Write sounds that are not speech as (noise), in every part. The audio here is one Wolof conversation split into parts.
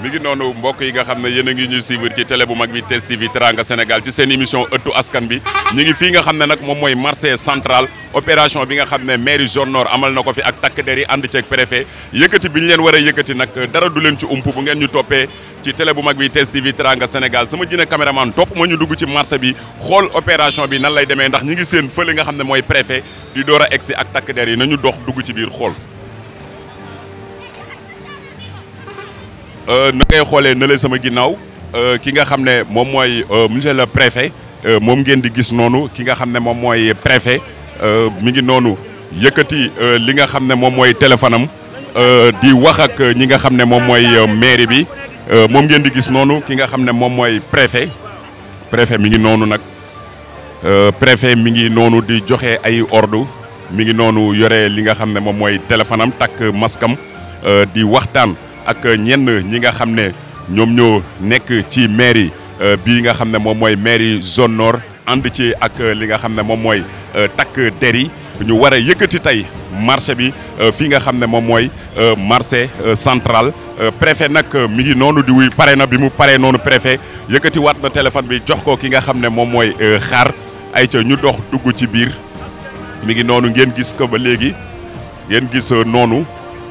mi ngi noonu mbokk yi nga xam ne yéen ngi ñuy suivre ci télé bu mag bi test TV Teranga Sénégal ci seen émission ëttu askan bi ñu ngi fi nga xam ne nag moom mooy marché central opération bi nga xam ne mairie zone nord amal na ko fi ak takk der yi ànd ceeg préfet yëkkati bi ñu leen war a yëkkati nag dara du leen ci ump bu ngeen ñu toppee ci tele bu mag bi test TV Teranga Sénégal sama jine caméraman topp ma ñu dugg ci marché bi xool opération bi nan lay demee ndax ñi ngi seen fële nga xam ne mooy préfet di door a egsi ak takk der yi nañu dox dugg ci biir xool Euh, na ngay xoolee na la sama ginnaaw euh, ki nga xam ne moom mooy euh, monsieur le préfet moom ngeen di gis noonu ki nga xam ne moom mooy préfet mi ngi noonu yëkkati li nga xam ne moom mooy téléphone am di wax ak ñi nga xam ne moom mooy mairie bi moom ngeen di gis noonu ki nga xam ne moom mooy préfet préfet mi ngi noonu nag préfet mi ngi noonu di joxe ay ordre mi ngi noonu yore li nga xam ne moom mooy téléphone am takk maskam am di waxtaan. ak ñenn ñi nga xam ne ñoom ñoo nekk ci mairie euh, bi nga xam ne moom mooy mairie zone nord ànd ci ak euh, li nga xam ne moom mooy euh, takk der yi ñu war a yëkkati tey marché bi fii nga xam ne moom mooy marché central préfet nag mi ngi noonu di wuy pare na bi mu paree noonu préfet yëkkati waat na téléphone bi jox ko ki nga xam ne moom mooy xaar ay ca ñu dox dugg ci biir mi ngi noonu ngeen gis ko ba léegi ngeen gis noonu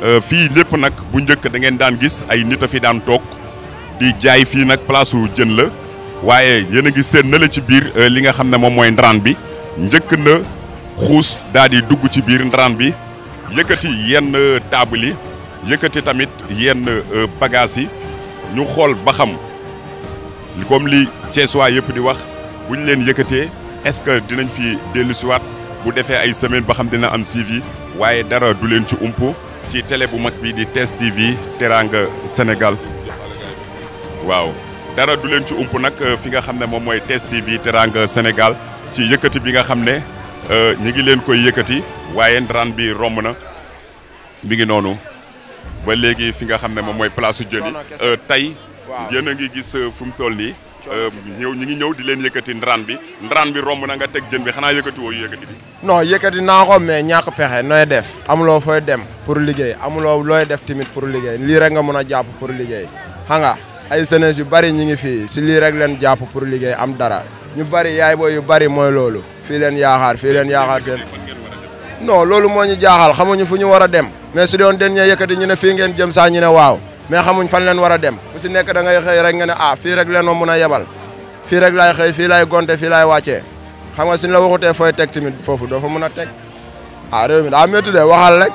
Euh, fii lépp nag bu njëkk da ngeen daan gis ay nit a fi daan toog di jaay fii nag place u jën la waaye yéen a ngi seen na la ci biir euh, li nga xam ne moom mooy ndaraan bi njëkk na xuus daal di dugg ci biir ndaraan bi yëkkati yenn euh, taabal yi yëkkati tamit yenn bagages yi ñu xool ba xam comme li Thiessois yëpp di wax bu ñu leen yëkkatee est-ce que dinañ fi dellusiwaat bu defee ay semaine ba xam dina am suivi waaye dara du leen ci ump ci tele bu mag bi di TS TV Teranga Sénégal waaw dara du leen ci ump nag euh, fi nga xam ne moom mooy TS TV Teranga Sénégal ci yëkkati bi nga xam ne euh, ñu ngi leen koy yëkkati waaye Ndran bi romb na mi ngi noonu ba léegi fi nga xam ne moom mooy place su jën yi euh, tey yéen a ngi gis fu mu toll nii. Euh, ñëw ñu ngi ñëw di leen yëkkati ndaraan bi ndaraan bi romb na nga teg jën bi xanaa yëkkati woo yëkkati bi non yëkkati naa ko mais ñàkk pexe nooy def amuloo fooy dem pour liggéey amuloo looy def tamit pour liggéey lii rek nga mën a jàpp pour liggéey xam nga ay jeunesse yu bari ñi ngi fii si lii rek leen jàpp pour liggéey am dara ñu bari yaay booy yu bari mooy loolu fii leen yaakaar fii leen yaakaar seen no loolu moo ñu jaaxal xamuñu fu ñu war a dem mais su doon den ñee yëkkati ñu ne fii ngeen jëm saa ñu ne waaw mais xamuñ fan leen war a dem ku si nekk da ngay xëy rek nga ne a ah, fii rek leen ma mun a yebal fi rek laay xëy fii laay gonte fii laay wàccee xam nga suñ la waxutee fo teg tamit foofu doo fo mun a teg ah réew mi daa métti de waxal rek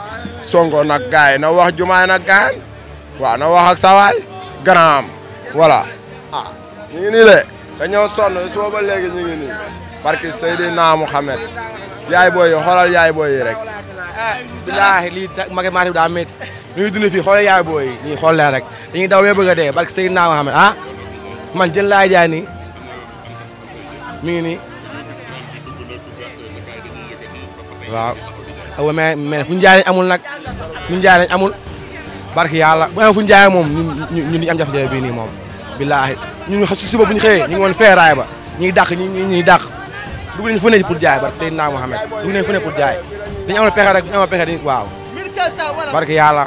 sonko nag gars yi na wax jumaay nag gars yi waaw na wax sawaay ganaam voilà ah ñu ngi nii de dañoo ba léegi ñu ngi nii barke Seydina yaay booy yi yaay booy yi rek. ah bilaahi lii mag maa daa ñuy dund fii xoolal yaay booy ñuy xool la rek dañuy daw bee bëgg a dee barke Seydina Muhammad ah man jël laa jaay nii mi ngi nii waaw aw mais mais fu jaay amul nag fu ñu jaay amul barke yàlla bu am fu jaay moom ñu ñu ñu am jafe bii nii moom billaahi ñun su suba bu ñu xëyee ñu ngi woon feeraay ba ñuy dàq ñu ñuy dàq dugg nañ fu ne pour jaay barke Seydina Muhammad dugg nañ fu ne pour jaay dañu amoon pexe rek dañu amoon pexe dañu waaw barke yàlla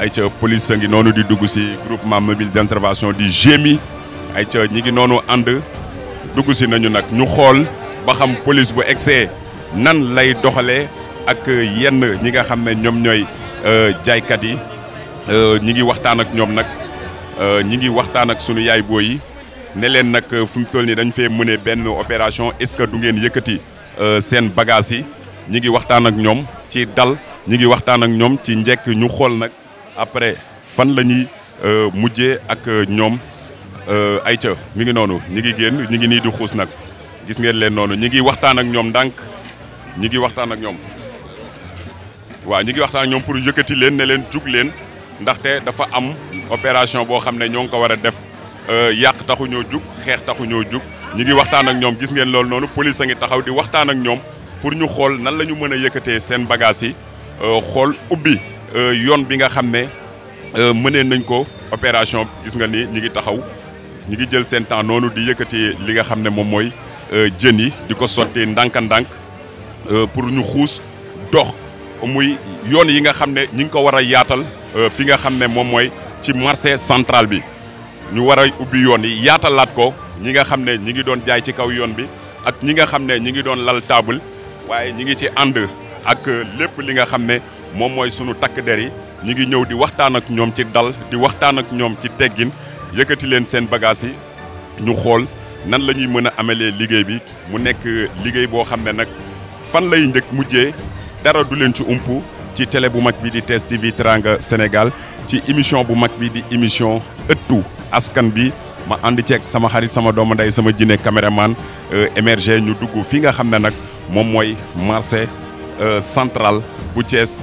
ay police a ngi noonu di dugg groupement mobile d'intervention du GMI ñi ngi noonu ànd dugg si nañu ñu ba xam police bu excès nan lay doxalee ak yenn ñi nga xam ne ñoom ñooy euh, jaaykat euh, euh, yi ñi ngi waxtaan ak ñoom nag ñi ngi waxtaan ak sunu yaay boo yi ne leen nag fu toll opération est-ce que bagages yi ñi ngi waxtaan ak ci dal ñi ngi waxtaan ak ñoom ci après fan la ñuy euh, mujjee ak euh, ñoom euh, ayta mi ngi noonu ñi ngi génn ñi ngi nii di xuus nag gis ngeen leen noonu ñi ngi waxtaan ak ñoom ndànk ñi ngi waxtaan ak ñoom waaw ñi ngi waxtaan ak ñoom pour yëkkati leen ne leen jug leen ndaxte dafa am opération boo xam ne ñoo ngi ko war a def yàq taxu ñoo jug xeex taxu ñoo jug ñi ngi waxtaan ak ñoom gis ngeen loolu noonu police a ngi taxaw di waxtaan ak ñoom pour ñu xool nan la ñu mën a yëkkatee seen bagages yi xool ubbi Euh, yoon bi nga xam ne euh, mënee nañ ko opération gis nga ni ñi ngi taxaw ñi ngi jël seen temps noonu di yëkkati li nga xam ne moom mooy euh, jën yi di ko sotti ndànk-ndànk pour ñu xuus dox muy yoon yi nga xam ne ñi ngi ko war a yaatal fi nga xam ne moom mooy ci marché central bi ñu war a ubbi yoon yi yaatalaat ko ñi nga xam ñi ngi doon jaay ci kaw yoon bi ak ñi nga xam ñi ngi doon lal table waaye ñi ngi ci ànd ak lépp li nga xam moom mooy sunu takk der yi ñu ngi ñëw di waxtaan ak ñoom ci dal di waxtaan ak ñoom ci teggin yëkkati leen seen bagages yi ñu xool nan la ñuy mën a amalee liggéey bi mu nekk liggéey boo xam ne nag fan lay njëkk mujjee dara du leen ci ump ci télé bu mag bi di tees ci TV Teranga Sénégal ci émission bu mag bi di émission ëttu askan bi ma ànd ceeg sama xarit sama doomu ndey sama jinne caméraman euh, émergé ñu dugg fii nga xam ne nag moom mooy marché euh, central bu Thiès.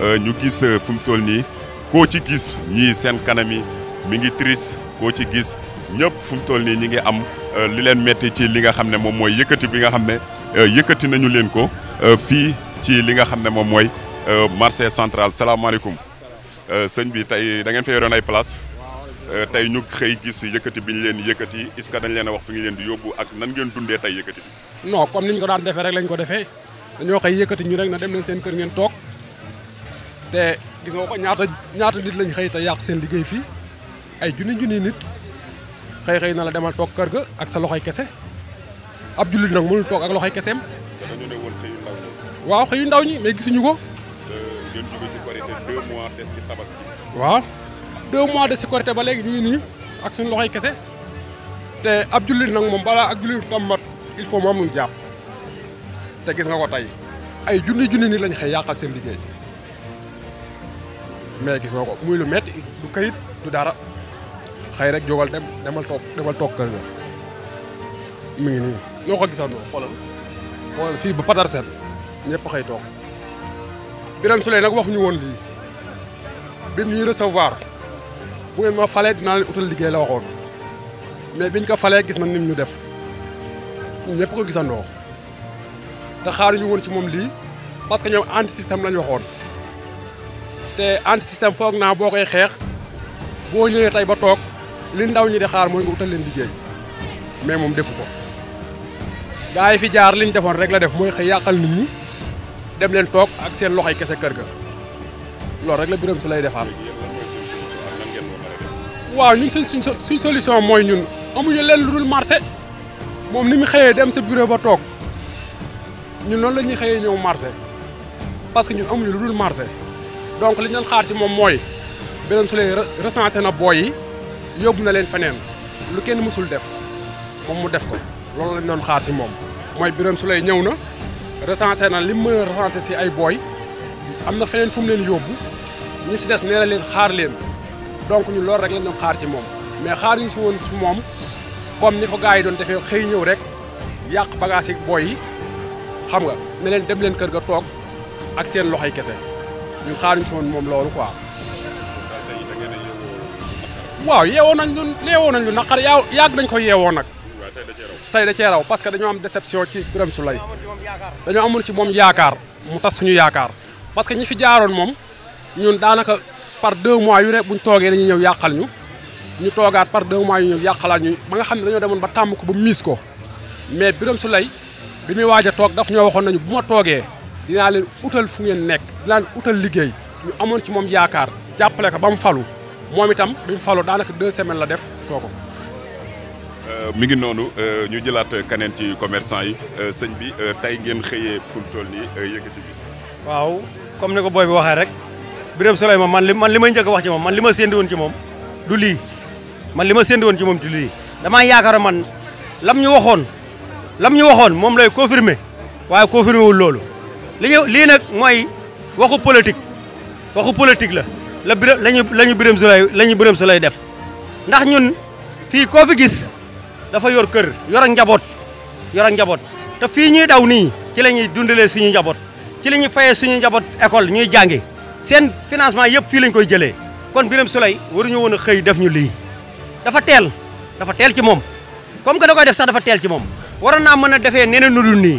Euh, ñu gis euh, fu mu toll nii koo ci gis ñii seen kanam yi mi ngi triste koo ci gis ñëpp fu mu toll nii ñi ngi am euh, li leen metti ci li nga xam ne moom mooy yëkkati bi nga xam ne yëkkati nañu leen ko fii ci li nga xam ne moom mooy marché central salaamaaleykum sëñ bi tey da ngeen fa yoroon ay place tey ñu xëy gis yëkkati bi ñu leen yëkkati est-ce que dañ leen a wax fi ñu leen di yóbbu ak nan ngeen dundee tey yëkkati bi. non comme ni ko daan defee rek lañ ko defee dañoo xëy yëkkati ñu rek na dem leen seen kër ngeen toog. te gis nga ko ñaata ñaata nit lañ xëy te yàq seen liggéey fii ay Juni juni nit xëy xëy na la demal toog kër ga ak sa loxoy kese ab jullit nag mënul toog ak loxoy keseem. dañu ne woon xëyu ndaw ñi. mais ko. ci mois ci tabaski. waaw mois ci ba ñu ak suñu loxoy te ab nang nag moom balaa ak jullit tam mat il faut te gis nga ko tey ay Juni Juni nit lañ xëy yàqal seen liggéey. mais gis nga ko muy lu metti du kayit du dara xëy rek jógal dem demal toog demal toog kër ga mi ngi nii ñoo ko gisandoo xoolal xoolal fii ba patar set ñëpp xay toog Birame Souleye nag wax woon lii bi ñuy recevoir bu ngeen ma falee dinaa leen utal liggéey la waxoon mais biñ ko falee gis na nim ñu def ñëpp ko gisandoo te xaaruñu woon ci moom lii parce que ñoom anti système lañ waxoon te anti système foog naa boo koy xeex boo ñëwee tey ba toog li ndaw ñi de xaar mooy nga utal leen liggéey mais moom defu ko gaa yi fi jaar liñ defoon rek la def mooy xëy yàqal nit ñi dem leen toog ak seen loxoy kese kër ga loolu rek la Birame Souleye defaat waaw ñun suñ suñ solution mooy ñun amuñu leen lu dul marché moom ni mu xëyee dem sa bureau ba toog ñun noonu la ñuy xëyee ñëw marché parce que ñun amuñu lu dul marché donc li ñu xaar ci moom mooy beneen su leen recensé na booy yi yóbbu na leen feneen lu kenn mësul def moom mu def ko loolu la doon xaar si moom mooy Birame Souleye ñëw na recensé na li mu mën a si ay booy am na feneen fu mu leen yóbbu ñi si des nee na leen xaar leen donc ñu loolu rek lañ doon xaar si moom mais xaar ñu ci woon ci moom comme ni ko gars doon defee xëy ñëw rek yàq bagage yi booy yi xam nga ne leen dem leen kër ga toog ak seen loxoy kese ñu xaaruñ ci woon moom loolu quoi. waaw yeewoo nañ lu yeewoo nañ lu naqar yaa yàgg nañ ko yeewoon nag. tey da cee raw parce que dañoo am déception ci Birame Souleye dañoo amoon ci moom yaakaar mu tas suñu yaakaar parce que ñi fi jaaroon moom ñun daanaka par deux mois yu rek buñ toogee dañuy ñëw yàqal ñu ñu toogaat par deux mois yu ñëw yàqalaat ñu ba nga xam ne dañoo demoon ba tàmm ko ba miis ko mais Birame Souleye bi muy waaj a toog daf ñoo waxoon nañu bu ma toogee dinaa leen utal fu ngeen nekk dinaa leen utal liggéey ñu amoon ci moom yaakaar jàppale ko ba mu falu moom itam bi mu falu daanaka deux semaines la def soo ko. Euh, mi ngi noonu euh, ñu jëlaat keneen ci commerçant yi euh, sëñ bi tey ngeen xëyee fu mu toll nii waaw comme ne ko booy bi waxee rek Birame ma man li man li may njëkk wax ci moom man li ma séntu woon ci moom du lii man li ma séntu woon ci moom du lii damaa yaakaar man lam ñu waxoon lam ñu waxoon moom lay confirmer waaye confirmer wul loolu. li lii nag mooy waxu politique waxu politique la la bi lañu la ñu Birame Souleye la ñu Birame def ndax ñun fii koo gis dafa yor kër yor ak njaboot yor ak njaboot te fii ñuy daw nii ci la ñuy dundalee suñu njaboot ci la ñuy fayee suñu njaboot école ñuy jàngi seen financement yëpp fii lañ koy jëlee kon Birame Souleye waruñu woon a xëy def ñu lii dafa teel dafa teel ci moom comme que da koy def sax dafa teel ci moom waroon naa mën a defee neneen nu dul nii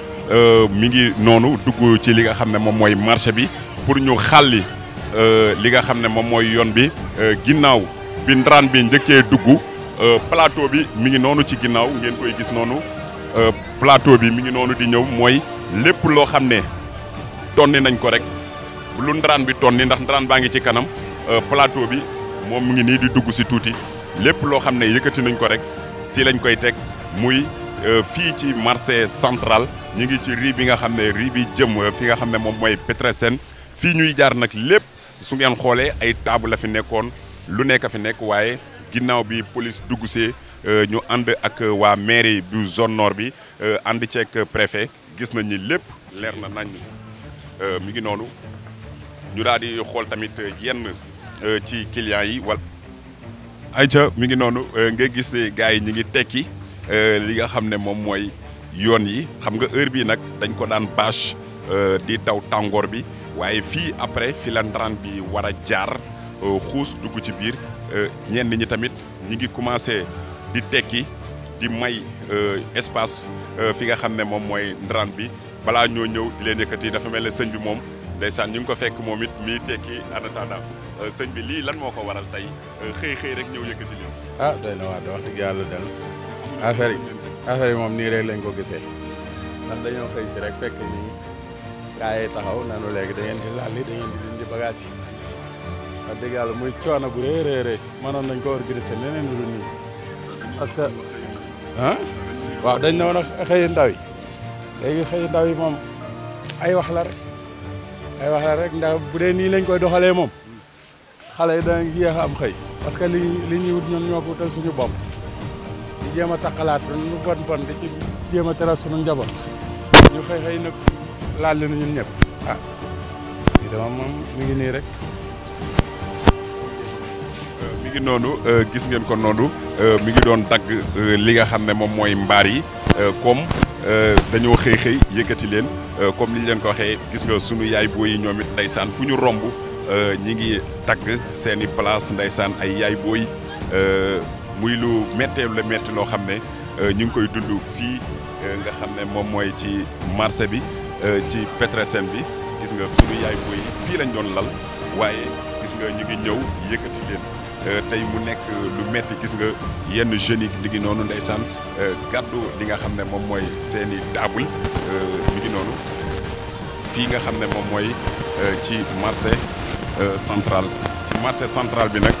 Euh, mi ngi noonu dugg ci li nga xam ne moom mooy marché bi pour ñu xàlli euh, li nga xam ne moom mooy yoon bi euh, ginnaaw bi ndaraan bi njëkkee dugg plateau bi mi ngi noonu ci ginnaaw ngeen koy gis noonu plateau bi mi ngi noonu di ñëw mooy lépp loo xam ne tonni nañ ko rek lu ndaraan bi tonni ndax ndaraan baa ngi ci kanam plateau bi moom mu ngi nii di dugg si tuuti lépp loo xam ne yëkkati nañ ko rek sii lañ koy teg muy. Euh, fii ci marché central ñu ngi ci rue bi nga xam ne rue bi jëm euh, fi nga xam ne moom mooy Petersen fii ñuy jaar nag lépp su ngeen xoolee ay table la fi nekkoon lu nekk fi nekk waaye ginnaaw bi police dugg see euh, ñu ànd ak waa mairie bu zone nord bi ànd ceeg préfet gis nañ ni lépp leer na nañ mi ngi noonu ñu daal xool tamit yenn ci clients yi wala. ayca mi ngi noonu nga gis ne gars yi ñu ngi tekki. Euh, li nga xam ne moom mooy yoon yi xam nga heure bii nag dañ ko daan bâche euh, di daw tàngoor bi waaye fii après fi la ndaraan bi war a jaar euh, xuus dugg ci biir ñenn ñi tamit ñi ngi commencé di tekki di may espace fi nga xam ne moom mooy ndaraan bi balaa ñoo ñëw di leen yëkkati dafa mel ne sëñ bi moom ndeysaan ñu ngi ko fekk moom it mi tekki anatanda sëñ bi lii lan moo ko waral tey xëy xëy rek ñëw yëkkati leen. ah doy na waa wax dëgg yàlla del affaire yi affaire yi moom nii rek lañ ko gisee ndax dañoo xëy si rek fekk ni gaa yi taxaw nanu léegi da ngeen di laal li da ngeen di dindi bagage yi wax dëgg yàlla muy coono bu rëy rëy rëy nañ ko organiser leneen lu dul nii parce que ah waaw dañ ne woon a xëy ndaw yi léegi ndaw yi moom ay wax la rek ay wax rek ndax bu dee nii lañ koy doxalee moom xale yi danañ yéex a am xëy parce que li li ñuy wut ñoom ñoo ko wutal suñu bopp di jéem a taxalaat lu bon bon di ci jéem a teral sunu njaboot ñu xëy xëy nag laal li ñun ñëpp ah dama moom mi ngi nii rek. Euh, mu ngi noonu euh, gis ngeen ko noonu euh, mi ngi doon dagg li nga xam ne moom mooy mbaar yi comme. dañoo xëy xëy yëkkati leen comme liñ leen ko waxee gis nga sunu yaay booy yi ñoomit it ndaysaan fu ñu romb ñu ngi tagg seeni place ndaysaan ay yaay booy muy lu méttee la metti loo xam ne euh, ñu ngi koy dund fii euh, nga xam ne moom mooy ci marché bi euh, ci Petersen bi gis nga sunu yaay booy fii lañ doon lal waaye gis nga ñu ngi ñëw yëkkati leen tey mu nekk lu metti gis nga yenn jeunes yi ngi noonu ndeysaan gàddu li nga xam ne moom mooy seeni taabul ñu ngi noonu fii nga xam ne moom mooy ci marché central ci marché central bi nag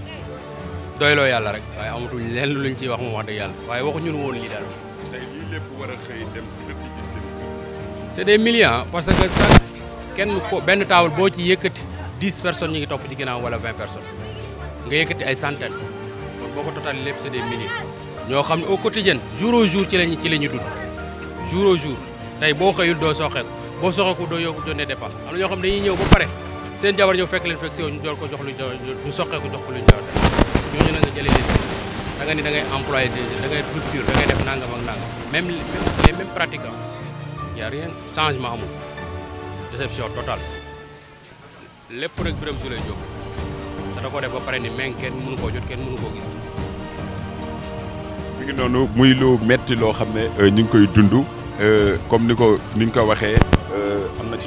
doyloo yàlla rek waaye amatuñ lenn luñ ciy wax moom wax dëgg yàlla waaye waxu ñun woon lii daal. tey lii lépp war a xëy dem c'est des millions parce que sax kenn ko benn taabal boo ci yëkkati dix personnes ñu ngi topp ci ginnaaw wala vingt personnes nga yëkkati ay centaines kon boo ko total lépp c'est des milliers ñoo xam ne au quotidien jour au jour ci lañu ci la ñu dund jour au jour tey boo xëyul doo sooxeeku boo sooxeeku doo yokk jotee dépense am na ñoo xam dañuy ñëw ba pare seen fekk leen fekk si ko jox lu ñu ñu soqeeku jox ko lu ñu ñooñu la nga jëlee les da nga ni da ngay employé da ngay rupture def nangam ak nangam même les mêmes pratiquants y a rien changement amul déception totale lépp rek Birame Souleye Diop te ko def ba pare ni meng kenn mënu koo jot kenn mënu koo gis. mi ngi noonu muy lu metti loo xam ne euh, ñu ngi koy dund euh, comme ni ko ni ko waxee.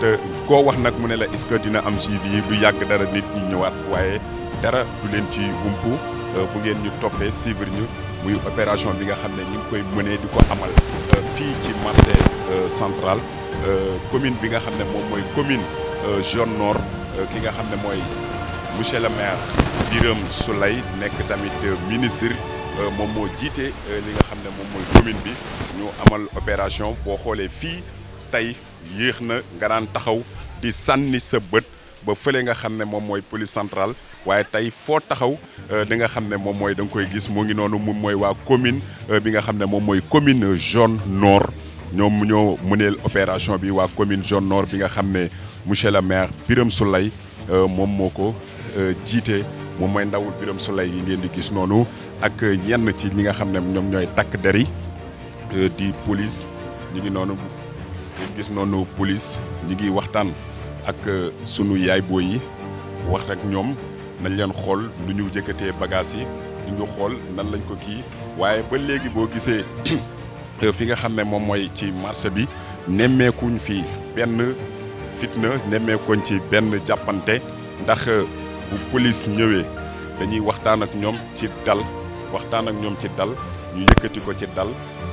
te koo wax nak mu ne la est dina am suivi du yag dara nit ñi ñëwaat waaye dara du leen ci wumpu euh, bu ngeen ñu toppee suivre ñu muy opération bi nga xam ne ñu ngi koy mënee di ko amal euh, fii ci marché euh, central commune bi nga xam ne moom mooy commune zone nord ki nga xam ne mooy monsieur le maire Birame soulay nekk tamit ministre moom moo jiite li nga xam ne moom mooy commune bi ñu amal opération boo xoolee fii tey yéex na nga daan taxaw di sànni sa bët ba fële nga xam ne moom mooy police centrale waaye tey foo taxaw euh, di nga xam ne moom mooy da nga koy gis mu ngi noonu moom mooy waa commune euh, bi nga xam ne moom mooy commune zone nord ñoom ñoo mëneel opération bi waa commune zone nord bi nga xam ne monsieur le maire Birame Souleye euh, moom moo ko jiite moom mooy ndawul Birame Souleye yi ngeen di gis noonu ak ñenn ci ñi nga xam ne ñoom ñooy takk der di police ñu ngi noonu. gis noonu police ñi ngi waxtaan ak euh, sunu yaay booy yi wax ak ñoom nañ leen xool lu ñu jëkkatee bagages yi ñu ngi xool nan lañ ko kii waaye ba léegi boo gisee (coughs) euh, fi nga xam ne moom mooy ci marché bi nemmeekuñ fi benn fitna nemmeekuñ ci benn jàppante ndax euh, bu police ñëwee dañuy waxtaan ak ñoom ci dal waxtaan ak ñoom ci dal ñu yëkkati ko ci dal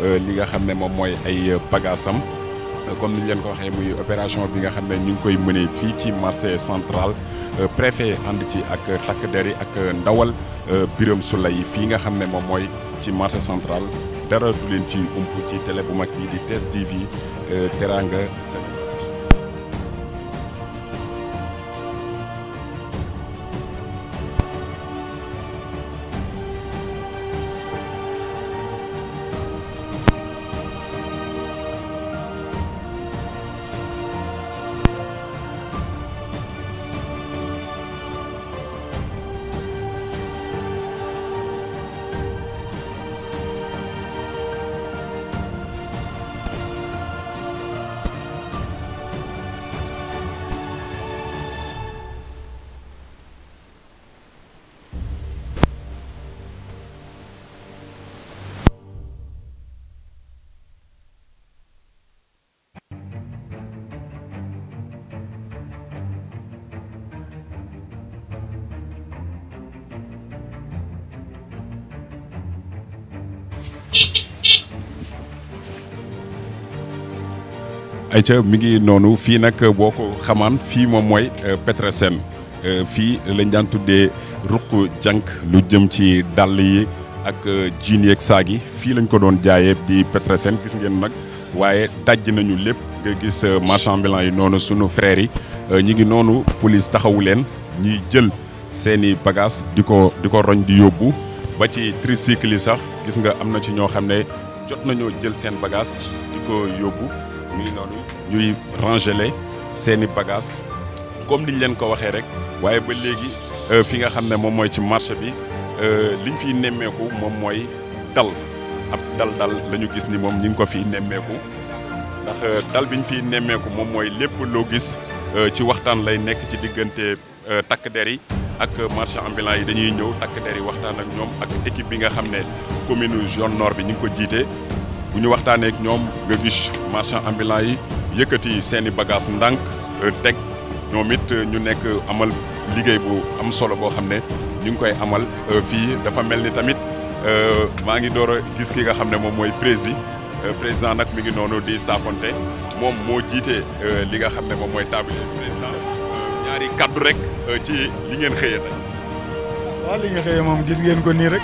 Euh, li nga xamné mom moy ay euh, bagaasam euh, comme niñ len ko waxé muy opération bi nga xamné ñu koy mënee fi ci marché central préfet and ci ak takk der ak ndawal Birame soulay fi nga xamné mom moy ci marché central dara du len ci ump ci télé bu mag bi di test TV Teranga ayca mi ngi noonu fii nag boo ko xamaan fii moom mooy euh, Petersen euh, fii lañ daan tuddee ruq janq lu jëm ci dàll yi ak euh, jiin yeeg saag yi fii lañ ko doon jaayee di Petersen gis ngeen nag waaye dajj nañu lépp nga gis marchand yi noonu sunu frères yi ñi ngi noonu police taxawu leen ñuy jël seeni bagage di ko di ko roñ di yóbbu ba ci tricycle yi sax gis nga amna ci ño xamné jot nañu jël sen bagage diko yobbu yóbbu mi ngi noonu ñuy rangeler seeni bagage comme niñ leen ko waxé rek waye ba léegi euh, fi nga xamné mom moy ci marché bi euh, liñ fiy néméku mom moy dal ab dal-dal lañu gis ni mom ñing ko fi néméku ndax euh, dal biñ ñu fiy nemmeeku moom mooy lépp loo gis ci waxtan lay nekk ci digënté takk der yi ak marchand ambulant yi dañuy ñëw takk der yi waxtaan ak ñoom ak équipe bi nga xam ne commune zone nord bi ñu ngi ko jiite bu ñu waxtaanee ak ñoom nga gis marchand ambulant yi yëkkati seen i bagage ndànk euh, teg ñoom it euh, ñu nekk amal liggéey bu am solo boo xam ne ñu ngi koy amal euh, fii dafa mel ni tamit maa ngi door a gis ki nga xam ne moom mooy prési président nag mi ngi noonu di saafonte moom moo jiite li nga xam ne moom mooy président ñaari kàddu rek euh, ci li ngeen xëyee tey. waaw li nga moom gis ngeen ko nii rek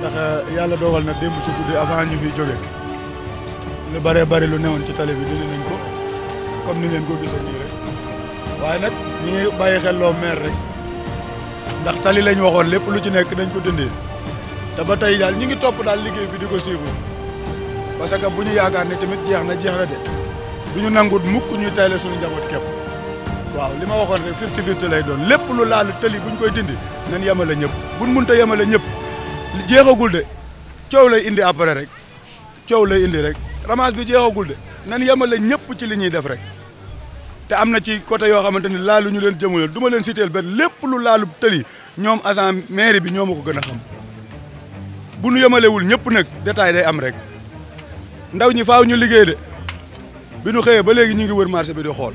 ndax euh, yàlla dogal na démb si guddi avant ñu fi jóge lu bare bëri lu newoon ci tali bi dindi nañ ko comme ni ngeen ko gisee nii rek waaye nag ñu ngi bàyyi xel loo meer rek ndax tali lañ waxoon lépp lu ci nekk dañ ko dindi te ba tey daal ñu ngi topp daal liggéey bi di ko suivre parce que bu ñu yaakaar ne tamit jeex na jeex na de bu ñu nangut mukk ñuy tayle suñu njaboot kepp waaw li ma waxoon rek fifty fifty lay doon lépp lu laal tëli buñ koy dindi nañ yemale ñëpp buñ mënta yemale ñëpp jeexagul de coow lay indi après rek coow lay indi rek ramage bi jeexagul de nan la ñëpp ci li ñuy def rek te am na ci côté yoo xamante ni laalu ñu leen jëmale du ma leen citeel benn lépp lu laalu tëli ñoom agent mairie bi ñoo ma ko gën a xam bu nu yemalewul ñëpp nag détail day am rek ndaw ñi faaw ñu liggéey de nu xëyee ba léegi ñu ngi wër marché bi di xool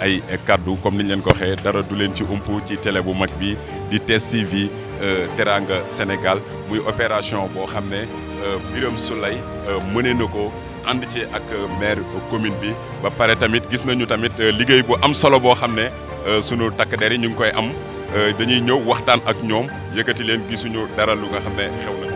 ay kaddu comme niñ leen ko waxee dara du leen ci umpu ci télé bu mag bi di test TV euh, Teranga Sénégal muy opération boo xam ne euh, biram Souleye euh, mëne na ko ànd ci ak maire commune bi ba pare tamit gis nañu tamit liggéey bu am solo boo xam ne sunu takk der yi ñu ngi koy am dañuy ñëw waxtaan ak ñoom yëkkati leen gisuñu dara lu nga xam ne xew na.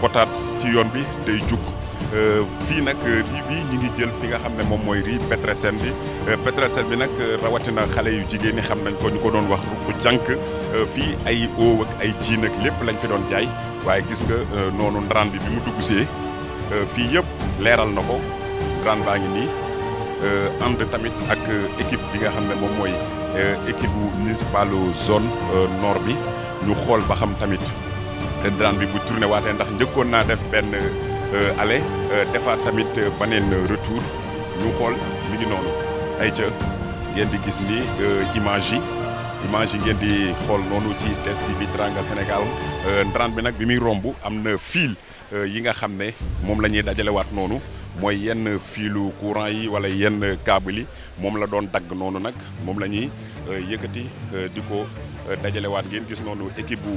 potaat ci yoon bi day jug euh, fii nag euh, riz bi ñu ngi jël fi nga xam ne moom mooy riz Petersen bi euh, Petersen bi nag rawatina xale yu jigéen ñi xam nañ ko ñu ko doon wax bu jànk fii ay oow ay jiin ak lépp lañ fi doon jaay waaye gis nga noonu ndaraan bi bi mu dugg see fii yëpp leeral na ko ndaraan baa ngi nii ànd tamit ak équipe bi nga xam ne moom mooy équipe bu municipalu zone nord bi ñu xool ba xam tamit. te drane bi bu tourné waatee ndax njëkkoon naa def benn euh, ale euh, defaat tamit euh, beneen retour ñu xool mi ngi noonu ay ca ngeen di gis ni image yi image yi ngeen di xool noonu ci TS TV Teranga Sénégal drane bi nag bi muy romb am na fil yi nga xam ne moom la ñuy dajalewaat noonu mooy yenn fiilu courant yi wala yenn câble yi moom la doon dagg noonu nag moom la ñuy yëkkati di ko dajalewaat ngeen gis noonu équipe bu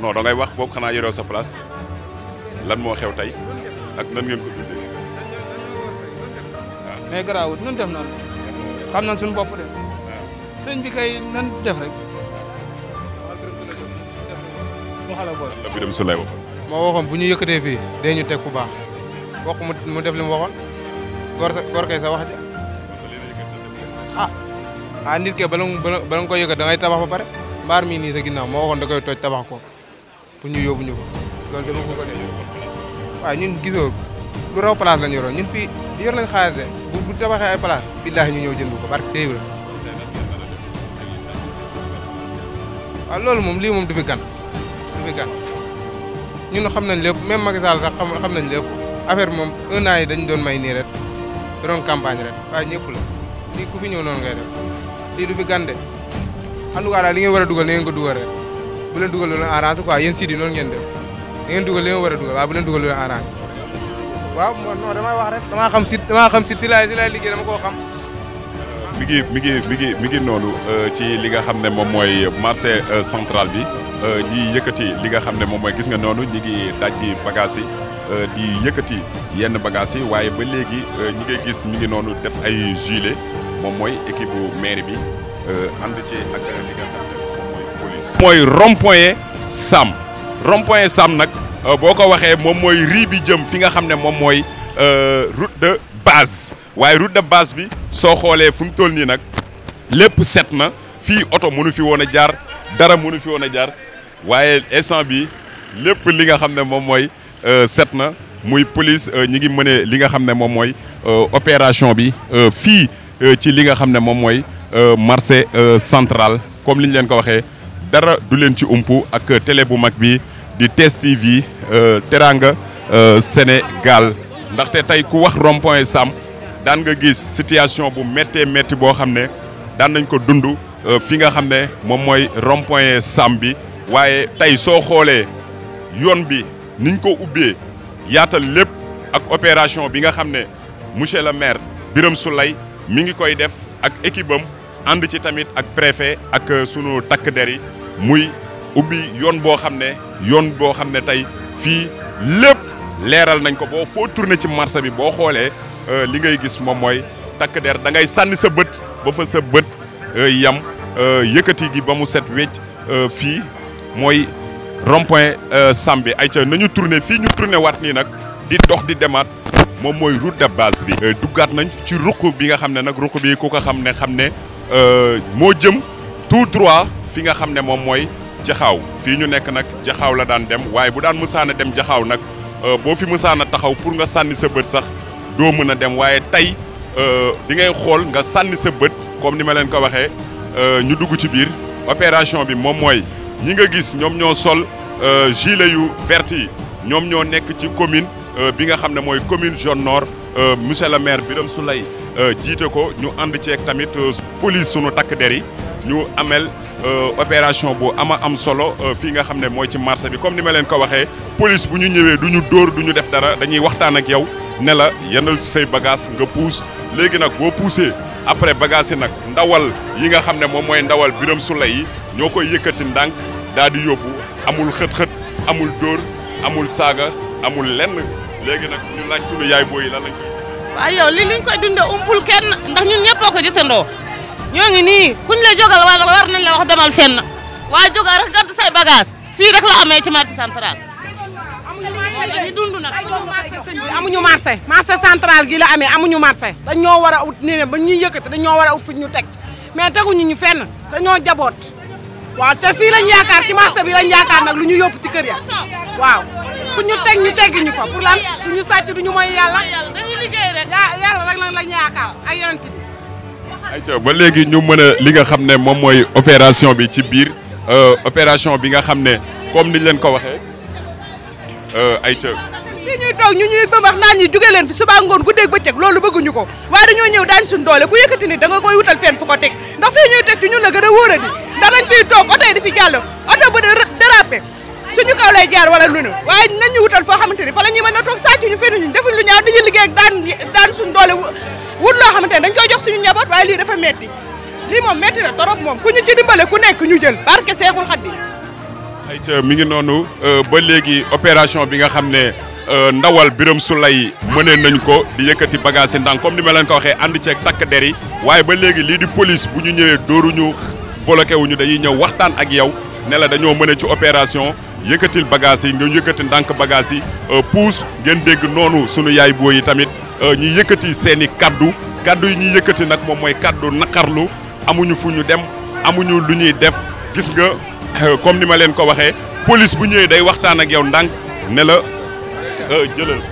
non da ngay wax boobu xanaa yoroo sa place lan moo xew tey ak nan ngeen ko dundee waaw. mais garaawul nun def noonu xam nañ suñu bopp de sëñ bi kay nan def rek. waxala boole. la Birame moo waxoon bu ñu yëkkatee fii dee ñu teg ku baax wax mu def li mu waxoon góor sa góor kay sa wax ja ah ah nit ke bala mu bala nga koy yëkkat da tabax ba pare mbaar mii nii sa ginnaaw moo waxoon da koy toj tabax ko. pour ñu ñu ko loolu dama ko ñun gisoo lu raw place lañ yoroon ñun fii yor lañ xaalis de bu bu tabaxee ay place billaahi ñu ñëw jënd ko barke Seydou la loolu moom lii moom du fi gan du fi gan ñun xam nañ lépp même Macky Sall sax xam nañ lépp affaire moom un yi dañu doon may nii rek da doon campagne rek waaye ñëpp la lii ku fi ñëw noonu ngay def lii du fi gan de en tout cas daal li ngeen war a ni ngeen ko dugal rek. bu leen dugal loolu arrange quoi yéen siidi noonu ngeen def da ngeen dugal war a dugal waaw bu leen damay wax rek damaa xam si damaa xam si si laay si laay liggéey dama koo xam mi mi ngi mi ngi noonu euh, ci li nga xam ne moom mooy marché euh, central bi euh, ñiy yëkkati li nga xam ne moom mooy gis nga noonu ñi ngi dajji bagages yi di yëkkati yenn bagages yi waaye ba léegi ñi ngay gis mi ngi noonu def ay gilet moom mooy équipe bu mairie bi ànd ci ak li nga mooy rond-point Sam rond Sam nag euh, boo ko waxee moom mooy rii bi jëm fi nga xam ne moom mooy euh, route de base waaye route de base bi soo xoolee fu mu toll nii nag lépp set na fii oto mënu fi woon a jaar dara mënu fi woon a jaar waaye instant bi lépp li nga xam ne moom mooy euh, set na muy police ñi ngi mëne li nga xam ne moom mooy opération bi fii ci li nga xam ne moom mooy marché central comme liñ leen ko waxee dara du leen ci umpu ak tele bu mag bi di TS TV euh, Teranga euh, Sénégal ndaxte tey ku wax rond-point daan nga gis situation bu méttee métti boo xam ne daan nañ ko dund euh, fi nga xam ne moom mooy rond-point bi waaye tey soo xoolee yoon bi niñ ko ubbee yaatal lépp ak opération bi nga xam ne monsieur le maire biram Souleye mi ngi koy def ak équipe ànd ci tamit ak préfet ak euh, sunu takk der yi muy ubbi yoon boo xam ne yoon boo xam ne tey fii lépp leeral nañ ko boo foo tourné ci marché bi boo xoolee euh, li ngay gis moom mooy takk der da ngay sànni sa bët ba fa sa bët euh, yam yëkkati gi ba mu set wecc fii mooy rond-point Sambi ay ca nañu tourné fii ñu tourné waat nii nag di dox di demaat moom mooy route de base bi duggaat nañ ci ruq bi nga xam ne nag ruq bi ko ko xam ne xam ne Euh, moo jëm tout droit fi nga xam ne moom mooy jaxaaw fii ñu nekk nag jaxaaw la daan dem waaye bu daan mësaan a dem jaxaaw nag euh, boo fi mësaan a taxaw pour nga sànni sa bët sax do mën a dem waaye tey euh, di ngay xool nga sànni sa bët comme ni ma leen ko waxee ñu dugg ci biir opération bi moom mooy ñi nga gis ñoom ñoo sol gilet yu vert yi ñoom ñoo nekk ci commune bi nga xam ne commune zone nord monsieur le maire Birame Souleye Euh, jiite ko ñu ànd ceeg tamit euh, police sunu takk der yi ñu amel euh, opération bu ama am solo fii nga xam ne mooy ci marché bi comme ni ma leen ko waxee police bu ñu ñëwee du ñu dóor duñu def dara dañuy waxtaan ak yow ne la yenal ci say bagage nga puus léegi nag boo puusee après bagage yi nag ndawal yi nga xam ne moom mooy ndawal biram su ñoo koy yëkkati ndànk daal di yóbbu amul xët-xët amul dóor amul saaga amul lenn léegi nag ñu laaj sunu yaay booyi lan lañ ayo yow li liñ umpul kenn ndax ñun ñepp ko gisandoo ñoo ngi nii kuñ la jogal wala war nañ la wax demal fenn wa jogal rek gatt say bagage fi rek la amé ci marché central. amuñu marché marché central gi la amé amuñu marché dañu wara out a ba ñuy yëkkati dañu wara out a ut ñu teg mais teguñu ñu fenn dañu jabot wa te fi lañ yaakar ci marché bi lañ yaakar nak luñu yop ci kër ya waaw ñu tek ñu teggi ñu fa pour lan ñu satti duñu moy yalla liggéey rek la ñu ba léegi ñu mën a li nga xam ne moom mooy opération bi ci biir euh, opération bi nga xam ne comme niñ leen ko waxee euh, ayca. fii ñuy toog ñu ñuy bëmbax naan ñi jóge leen fi suba ngoon guddeeg bëccëg loolu bëgguñu ko waaye dañoo ñëw daañu suñ doole ku yëkkati nit koy wutal fenn fu ko teg ndax fii ñuy teg ci ñun la gën wóoradi ndax dañ fiy toog oto di fi jàll oto bu dérapé suñu kaw lay jaar wala lu ñu waaye nañ wutal foo xamante ni fa la toog sàcc ñu fenn lu ñaaw dañuy mi ngi noonu euh, ba léegi opération bi nga xam ne euh, ndawal Birame Souleye mënee nañ ko di yëkkati bagage yi ndànk comme ni ma leen ko waxee ànd ceeg takk der yi waaye ba léegi lii di police bu ñu ñëwee dóoruñu bloqué wuñu dañuy ñëw waxtaan ak yow ne dañoo mën a ci opération yëkkatil bagages yi nga yëkkati ndànk bagages yi euh, puus ngeen dégg noonu sunu yaay booy yi tamit euh, ñi yëkkati seen i kàddu kaddu yi ñuy yëkkati nag moom mooy kaddu naqarlu amuñu fu ñu dem amuñu lu ñuy def gis nga euh, comme ni ma leen ko waxee police bu ñëwee day waxtaan ak yow ndànk ne la jëlal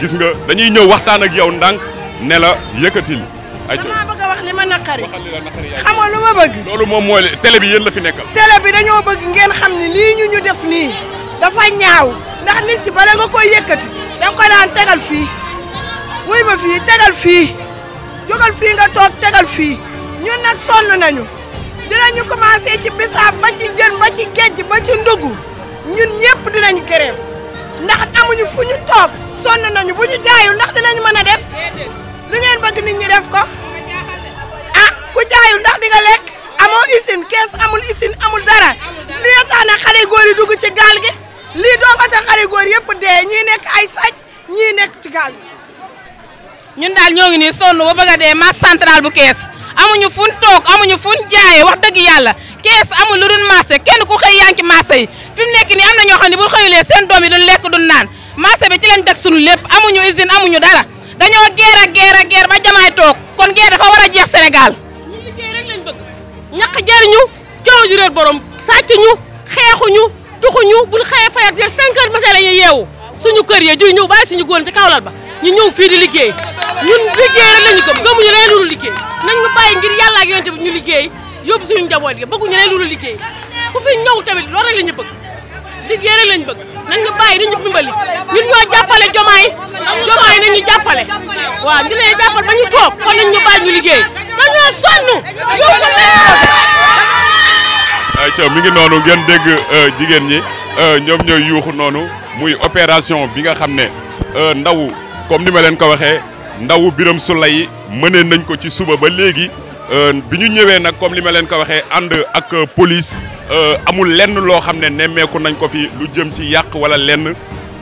gis nga dañuy ñëw waxtaan ak yow ndànk ne la yëkkatil ayca damaa bëgg wax li ma naqari. xam lu ma bëgg. loolu moom mooy télé bi yéen la fi nekkal. télé bi dañoo bëgg ngeen xam ni lii ñu def nii dafa ñaaw ndax nit ki bala nga koy yëkkati danga ko daan tegal fii wuy ma fii tegal fii jógal fii nga toog tegal fii ñun nag sonn nañu dinañu commencé ci bisaab ba ci jën ba ci géej ba ci ndugg ñun ñëpp dinañ grève ndax amuñu fu ñu toog sonn nañu bu ñu jaayul ndax dinañ mën a def. lu ngeen bëgg nit ñi def ko ah ku jaayul ndax di nga lekk amoo usine kees amul usine amul dara li tax na xale góor dugg ci gaal gi lii doo nga tax xale yëpp dee ñii nekk ay sàcc ñii nekk ci gaal gi. ñun daal ñoo ngi nii sonn ba bëgg a dee masse centrale bu kees amuñu fun toog amuñu fun jaayee wax dëgg yàlla kees amul lu dul marché kenn ku xëy yaa ngi yi fi mu nekk nii am na ñoo xam ne bu xëyulee seen doom yi duñ lekk duñ naan marché bi ci lañ teg suñu lépp amuñu usine amuñu dara. biral borom sàccuñu xeexuñu tuxuñu buñ xëyee fayat jël 5 heures matin la suñu kër ya juy ñëw bàyyi suñu góor ci kawlal ba ñu ñëw fii di liggéey ñun liggéey rek lañu gëm gëmuñu leen liggéey nañ ñu bàyyi ngir yàlla ak ñu liggéey yóbbu ku fi ñëw tamit loolu rek la ñu bëgg liggéey lañu bëgg nañ ba ñu toog kon nañ ñu ñu liggéey dañoo sonn ayca mi ngi noonu ngeen dégg euh, jigéen ñi euh, ñoom ñooy yuuxu noonu muy opération bi nga xam ne euh, ndaw comme ni ma leen ko waxee ndawu Birame Souleye mënee nañ ko ci suba ba léegi bi ñu ñëwee nag comme li ma leen ko waxee ànd ak police amul lenn loo xam ne nemmeeku nañ ko fi lu jëm ci yàq wala lenn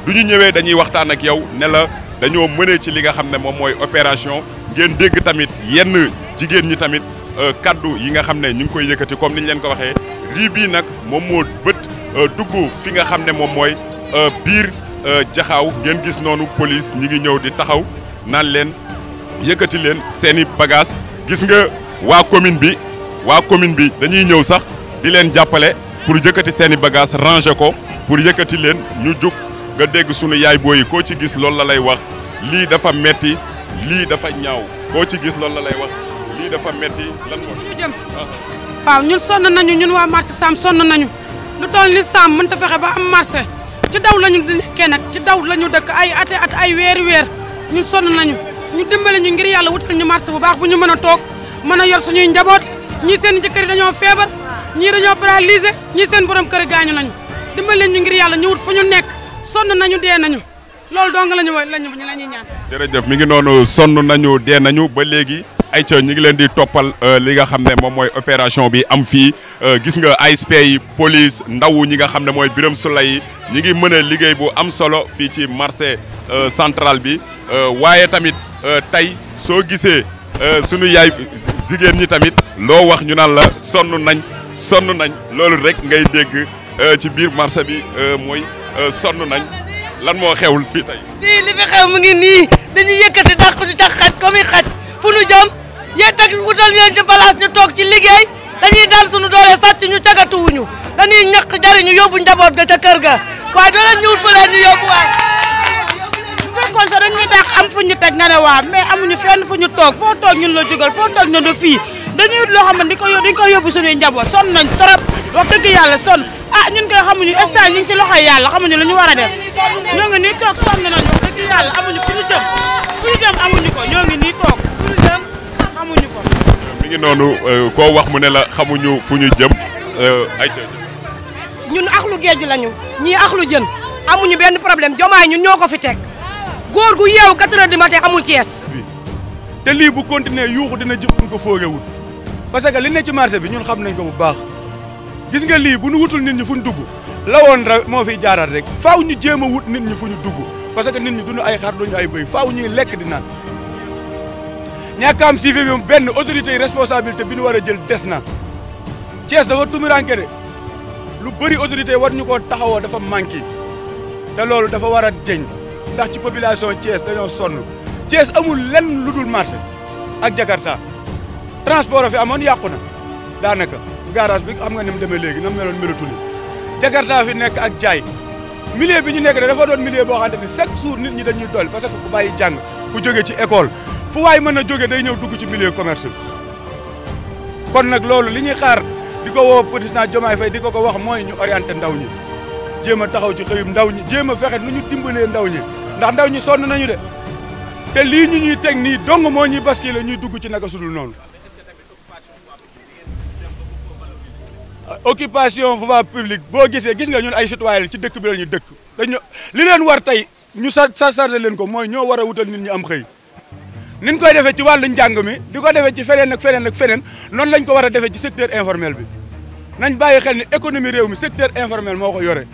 du ñu ñëwee dañuy waxtaan ak yow ne la dañoo mënee ci li nga xam ne moom opération ngeen dégg tamit yenn jigéen ñi tamit. Euh, kaddu yi nga xam ne ñu ngi koy yëkkati comme ni ñu leen ko waxee lii bii nag moom moo bët euh, dugg fi nga xam ne moom mooy euh, biir jaxaaw ngeen gis noonu police ñi ngi ñëw di taxaw naan leen yëkkati leen seeni bagage gis nga waa commune bi waa commune bi dañuy ñëw sax di leen jàppale pour yëkkati seeni bagage ranger ko pour yëkkati leen ñu jug nga dégg sunu yaay booyi koo ci gis loolu la lay wax lii dafa metti lii dafa ñaaw koo ci gis loolu la lay wax lii dafa metti lan moo ñu jëm ah. waaw ñun sonn nañu ñun waa marché Sam sonn nañu lu toll ni Sam mënta fexe ba am marché ci daw lañu nekkee nag dëkk ay ate at ay weeri weer ñun sonn nañu ñu dimbale ñu ngir yàlla wutal ñu marché bu baax bu ñu mën a toog mën a yor suñuy njaboot ñii seen jëkkër yi dañoo feebar ñii dañoo paralysé ñii seen borom kër gaañu nañu dimbale ñu ngir yàlla ñu wut fu ñu nekk sonn nañu dee nañu loolu dong lañu lañu la ñuy ñaan jërëjëf mi ngi noonu sonn nañu dee nañu ba léegi ay ca ñu ngi leen di toppal euh, li nga xam ne moom mooy opération bi am fii euh, gis nga ASP yi police ndaw ñi nga xam ne mooy Birame Souleye ñi ngi mën a liggéey bu am solo fii ci marché euh, centrale bi waaye tamit tey soo gisee sunu yaay jigéen ñi tamit loo wax ñu naan la sonn nañ sonn nañ loolu rek ngay dégg ci biir marché bi mooy sonn nañ lan moo xewul fii tey. fii li fi xew mu ngi nii dañuy yëkkati dàq ñu tax xaj comme xaj. fu nu jëm yéen tak wutal leen ci place ñu toog ci liggéey dañuy dal suñu doole sàcc ñu cagatuwuñu dañuy ñaq jariñu yóbbu njaboot ga ca kër ga waaye doo leen ñu wut fa leen ñu yóbbu waay fekkoon sax dañuy dàq am fu ñu teg nga ne ñu toog foo toog ñun la jógal foo toog ñun la fii dañuy wut loo xam ne di ko dañ koy yóbbu suñuy njaboot sonn nañ trop wax dëgg yàlla sonn ah, ñu ngi ci loxoy yàlla xamuñu lu ñu war a def fu ñu jëm fu ñu ko ñoo ngi nii toog xamuñu ko. mi ngi noonu euh, ko wax mu ne la xamuñu fu ñu jëm euh, ay ñun axlu géeju lañu ñii axlu jën amuñu benn problème jomaay ñun ñoo ko fi teg góor gu yeewu 4 heures du matin amul ci yees te lii bu continuer yuuxu dina jëfuñ ko foogewut parce que li ne ci marché bi ñun xam nañ ko bu baax gis nga lii bu nu wutul nit ñi fu ñu dugg lawoon ra moo fiy jaaral rek faw ñu jéem a wut nit ñi fu ñu dugg parce que nit ñi duñu ay xar duñu ay bëy faaw ñuy lekk di naan ñàkk am suivi bi benn autorité yi responsabilité bi ñu war a jël des na Thiès dafa tumuranke de lu bëri autorité war ñu koo taxawoo dafa manqué te loolu dafa war a jëñ ndax ci population Thiès dañoo sonn Thiès amul lenn lu dul marché ak Jakarta transport fi amoon yàqu na daanaka garage bi xam nga ni mu demee léegi na mu meloon melatul Jakarta fi nekk ak jaay milieu bi ñu nekk de dafa doon milieu boo xamante ni chaque jour nit ñi dañuy dool parce que ku bàyyi jàng ku jógee ci école fu waay mën na jóge day ñëw dugg ci milieu commerce kon nag loolu li ñuy xaar di ko woo naa Diomaye Faye di ko ko wax mooy ñu orienté ndaw ñi jéem a taxaw ci xëyum ndaw ñi jéem a fexe nu ñu dimbalee ndaw ñi ndax ñi sonn nañu de te lii ñu ñuy teg nii dong moo ñuy basculer ñuy dugg ci naka sudul noonu occupation voie publique boo gisee gis nga ñun ay citoyen ci dëkk bi ñu dëkk dañu li leen war tey ñu sa sarde leen ko mooy ñoo war a wutal nit ñu am xëy ni ñu koy defee ci wàllu njàng mi di ko defee ci feneen ak feneen ak feneen lañ ko war a defee ci secteur informel bi nañ bàyyi xel ni économie réew mi secteur informel moo ko yore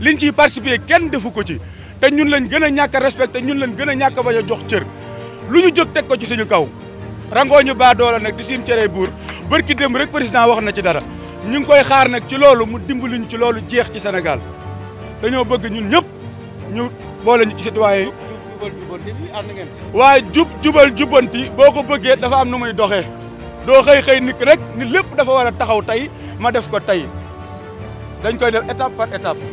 liñ ciy participer kenn defu ko ci te ñun lañ gën a ñàkk a respecté ñun lañ gën a ñàkk a bañ a jox cër lu ñu jóg teg ko ci suñu kaw rangoo ñu baa doole nag di siim cërey buur ki démb rek président wax na ci dara ñu ngi koy xaar nag ci loolu mu dimbaliñ ci loolu jeex ci senegal dañoo bëgg ñun ñëpp ñu boole ci citoyen yi jubal jub jubal jubanti boo ko bëggee dafa am nu muy doxee doo xëy xëy nit rek ni lépp dafa war a taxaw tey ma def ko tey dañ koy def étape par étape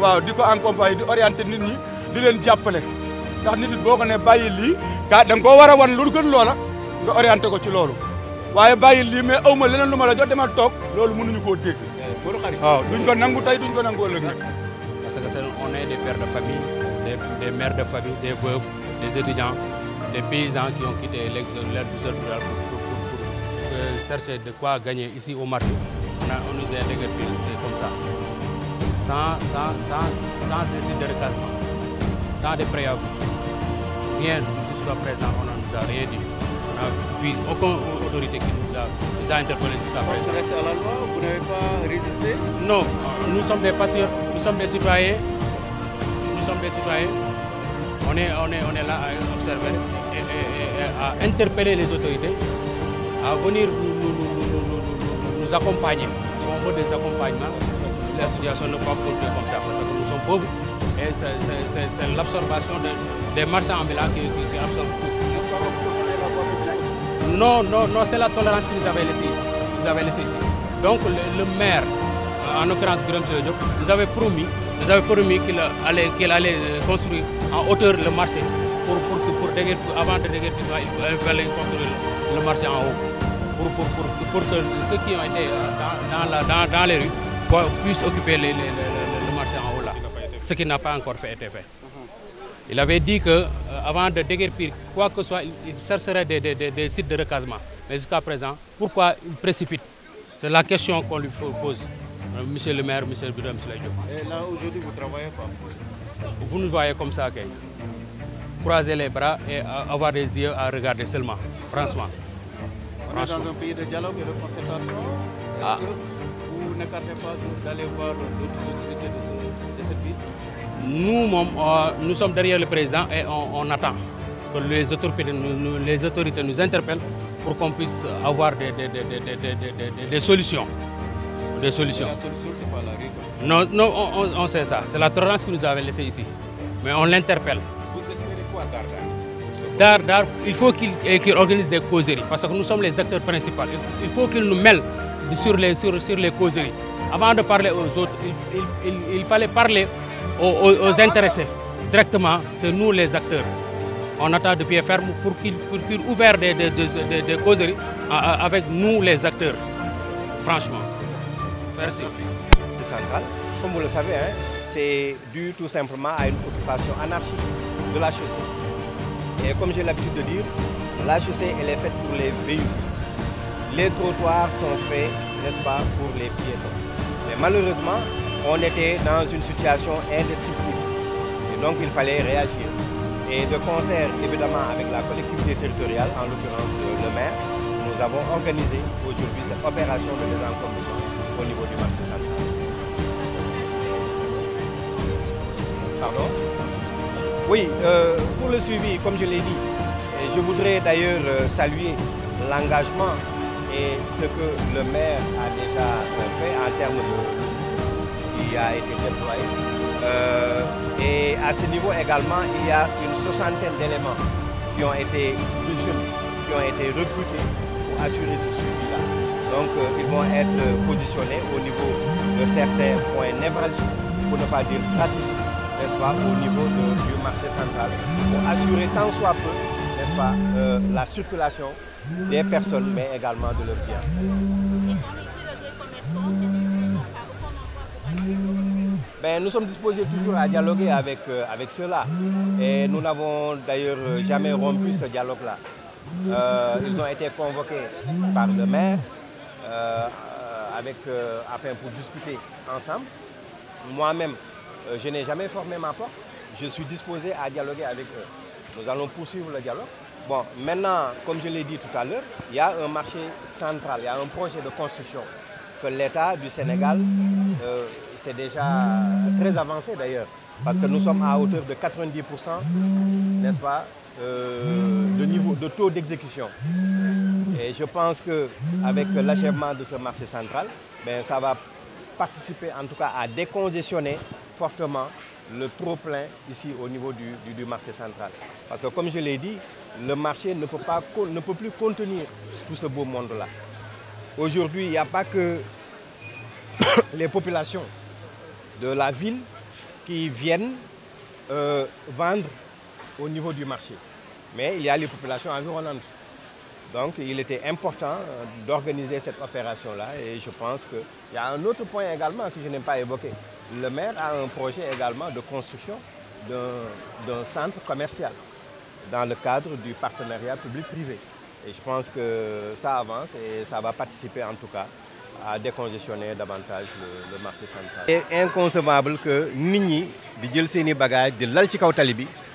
waaw di ko accompagner di orienter nit ñi di leen jàppale ndax nit it boo ko ne bàyyi lii gaa da nga koo war a wan lu gën loola nga orienté ko ci loolu waaye bàyyi lii mais aw ma leneen lu ma la jot demal toog loolu mënuñu koo dégg eh, waaw duñ ko nangu tey duñ ko nangu ëllëg parce que on est des pères de famille des, mères de famille, des veuves, des étudiants, des paysans qui ont quitté l'aide pour, euh, chercher de quoi gagner ici au marché. On, nous a intégrés, c'est comme ça. Sans, sans, sans, sans décider de recassement, sans des préavis. Rien jusqu'à présent, on ne nous a rien dit. On n'a vu aucune autorité qui nous a, interpellés jusqu'à présent. Vous restez à la loi, vous n'avez pas résisté Non, nous sommes des patriotes, nous sommes des citoyens sommes des citoyens, on est, on est, on est là à observer et, à interpeller les autorités, à venir nous, accompagner. Si on veut des accompagnements, la situation ne va pas comme ça, parce que nous sommes pauvres. Et c'est l'absorption des marchands ambulants qui, qui, qui absorbent tout. Non, non, non, c'est la tolérance qu'ils avaient laissée ici. Ils ici. Donc le, maire, en l'occurrence Guillaume nous avait promis vous avez promis qu'il allait, euh, construire en hauteur le marché. Pour, pour, avant de déguerpir, il fallait construire le marché en haut. Pour, que ceux qui ont été euh, dans, les rues puissent occuper le marché en haut là. Ce qui n'a pas encore fait, été fait. Il avait dit qu'avant euh, de déguerpir quoi que ce soit, il chercherait des sites de recasement. Mais jusqu'à présent, pourquoi il précipite C'est la question qu'on lui pose. Monsieur le maire, monsieur Biram Slaydio. Et là, aujourd'hui, vous ne travaillez pas Vous nous voyez comme ça, Croiser les bras et avoir des yeux à regarder seulement, franchement. On est dans un pays de dialogue et de concertation. Est-ce ah. que vous n'écartez pas d'aller voir d'autres autorités de, cette ville nous, euh, nous sommes derrière le président et on, attend que les autorités nous, interpellent pour qu'on puisse avoir des solutions. Euh, des solutions. La solution, pas la non, non on, sait ça. C'est la tolérance que nous avons laissée ici. Mais on l'interpelle. Vous espérez quoi, Dar Dar, Dar il faut qu'il organise des causeries parce que nous sommes les acteurs principaux. Il faut qu'il nous mêle sur les, sur, les causeries. Avant de parler aux autres, il, fallait parler aux, intéressés directement. C'est nous les acteurs on attend de pied ferme pour qu'il ouvre des, causeries euh, euh, avec nous les acteurs, franchement. Merci. Comme vous le savez, hein, c'est dû tout simplement à une occupation anarchique de la chaussée. Et comme j'ai l'habitude de dire, la chaussée, elle est faite pour les véhicules. Les trottoirs sont faits, n'est-ce pas, pour les piétons. Mais malheureusement, on était dans une situation indescriptible. Et donc, il fallait réagir. Et de concert, évidemment, avec la collectivité territoriale, en l'occurrence le maire, nous avons organisé aujourd'hui cette opération de désencombrement niveau du marché central. Pardon Oui, euh, pour le suivi, comme je l'ai dit, je voudrais d'ailleurs euh, saluer l'engagement et ce que le maire a déjà euh, fait en termes de qui a été déployé. et à ce niveau également, il y a une soixantaine d'éléments qui ont été qui ont été recrutés pour assurer ce suivi. Donc euh, ils vont être euh, positionnés au niveau de certains points névralgiques, pour ne pas dire stratégiques, n'est-ce pas, au niveau du marché central, pour assurer tant soit peu, nest pas, euh, la circulation des personnes, mais également de leurs biens. Ben, nous sommes disposés toujours à dialoguer avec, avec ceux-là. Et nous n'avons d'ailleurs jamais rompu ce dialogue-là. ils ont été convoqués par le maire, euh, avec, euh, afin pour discuter ensemble. Moi-même, euh, je n'ai jamais formé ma porte. Je suis disposé à dialoguer avec eux. Nous allons poursuivre le dialogue. Bon, maintenant, comme je l'ai dit tout à l'heure, il y a un marché central, il y a un projet de construction que l'État du Sénégal, euh, c'est déjà très avancé d'ailleurs, parce que nous sommes à hauteur de 90%, n'est-ce pas, euh, de niveau de taux d'exécution. Et je pense qu'avec l'achèvement de ce marché central, ben, ça va participer en tout cas à décongestionner fortement le trop-plein ici au niveau du, marché central. Parce que comme je l'ai dit, le marché ne peut, pas, ne peut plus contenir tout ce beau monde-là. Aujourd'hui, il n'y a pas que (coughs) les populations de la ville qui viennent euh, vendre au niveau du marché mais il y a les populations environnantes. Donc il était important euh, d'organiser cette opération-là et je pense qu'il y a un autre point également que je n'ai pas évoqué. Le maire a un projet également de construction d'un centre commercial dans le cadre du partenariat public-privé. Et je pense que ça avance et ça va participer en tout cas à décongestionner davantage le, marché central. C'est inconcevable que Nini, ñi di jël l'Altika bagages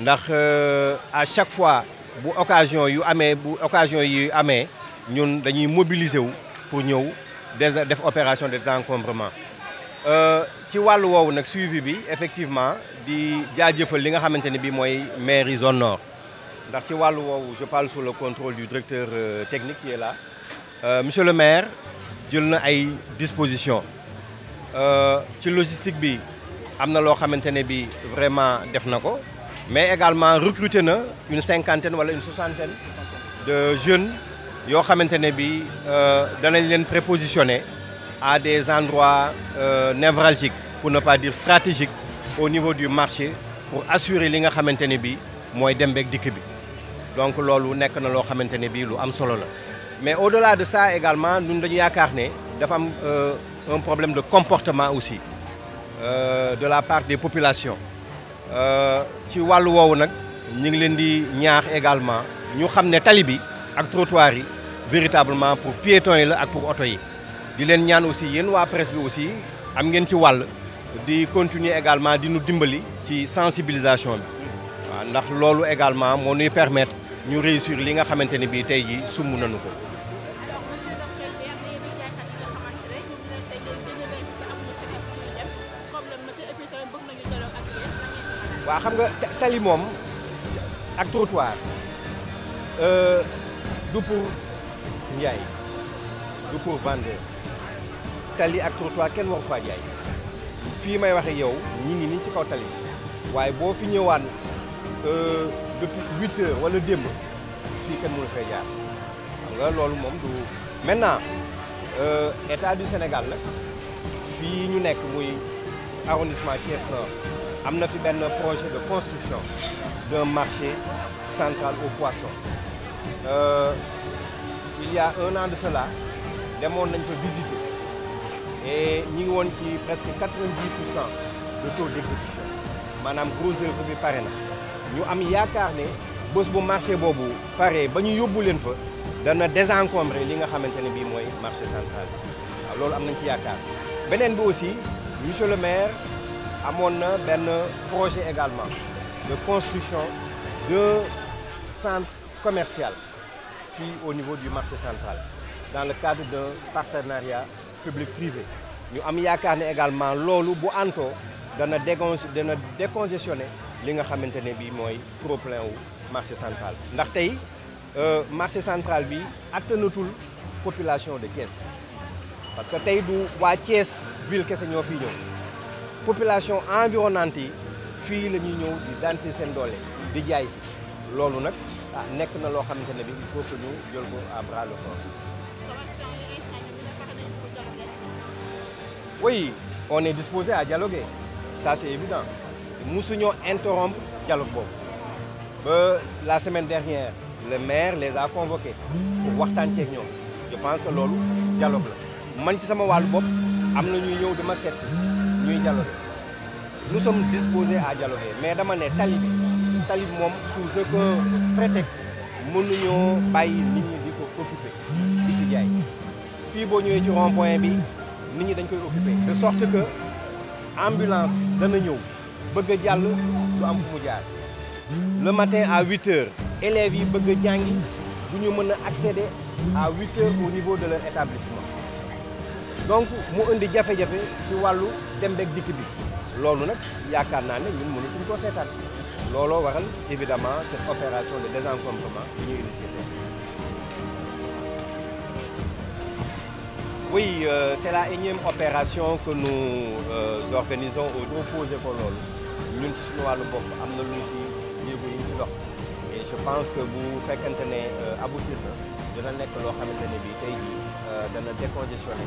ndax euh, à chaque fois bu occasion yu amé bu occasion yu nous ñun dañuy mobiliser wu pour ñëw def opération de désencombrement euh, ci walu woowu nak suivi bi effectivement di jaajëfal li nga xamante le moy de mairie zone nord ndax ci walu je parle sous le contrôle du directeur euh, technique qui est là monsieur le maire jël na ay dispositions ci logistique bi amna lo xamantene bi vraiment def nako mais également recruter une cinquantaine ou une soixantaine de jeunes qui euh, sont à des endroits euh, névralgiques pour ne pas dire stratégiques au niveau du marché pour assurer li nga xamantene bi donc lolu nek na lo xamantene bi lu mais au-delà de ça également nous dañu euh, un problème de comportement aussi de la part des populations euh, ci walu wowo nak ñu ngi leen di ñaax également ñu xamné ne tali bi ak trottoir yi véritablement pour piétons yi la ak pour auto yi di leen ñaan aussi yeen wa presse bi aussi am ngeen ci wàll di continuer également di nous dimbali ci sensibilisation bi ndax lolu également mo nuy permettre ñu réussir li nga xamanteni bi tay ji jii nañu ko wa xam nga tali moom ak trottoir euh, du pour njaay du pour vendeur tali ak trottoir kenn waru faa jaay may waxe yow ñi ngi ci kaw tali fi euh, depuis huit heures wala démb fii kenn mënu fay nga du maintenant euh, état du Sénégal la fii ñu arrondissement am avons fi un projet de construction d'un marché central aux poissons euh, il y a un an de cela demoon nañ fa visité et nous avons presque 90 de taux d'exécution Madame Grouse vous bi pare na ñu am yaakaar ne bu marché nous pare ba ñu yóbbu leen fa désencombrer li nga vous ne bii marché central Alors nous avons nañ ci nous aussi monsieur le maire amoon un un projet également de construction d'un centre commercial au niveau du marché central dans le cadre d'un partenariat public-privé Nous am également l'eau bu Anto dana dégon dana décongestionné li nga xamante ne bii mooy trop-plein wu marché central ndax tey euh, marché central bi population de caisse parce que nous du waa la ville qui est fii population environnante yi fii la ñuy ñëw di daan si seen doole di jaay si loolu nag ah nekk il faut que nous jël à bras le corps oui on est disposé à dialoguer ça c'est évident musuñoo interrompre dialogue la semaine dernière le maire les a convoqués pour waxtaan ceeg je pense que loolu dialogue la man ci sama wàllu bopp am na ñuy ñëw ma dialoguer nous sommes disposés à dialoguer mais dama né talib talib mom sous ce prétexte ñu bay nit ñi di ko occuper di ci jaay Fi bo ñëwee ci rond point bi nit ñi dañ koy occuper de sorte que ambulance dana ñëw bëgg jall du am fu jaar le matin à 8 heures élèves yi bëgg a jàngi accéder à 8h au niveau de leur établissement donc mu indi jafé jafé ci walu dem beeg dik bi loolu nag yaakaar naa ne ñun mënatuñ ko sétal looloo waral évidemment cette opération de désencombrement bi ñu initié Oui, euh, c'est la énième opération que nous euh, organisons au projet Colol. Nous sommes Et je pense que vous faites un aboutir de l'année que l'on a décongestionné.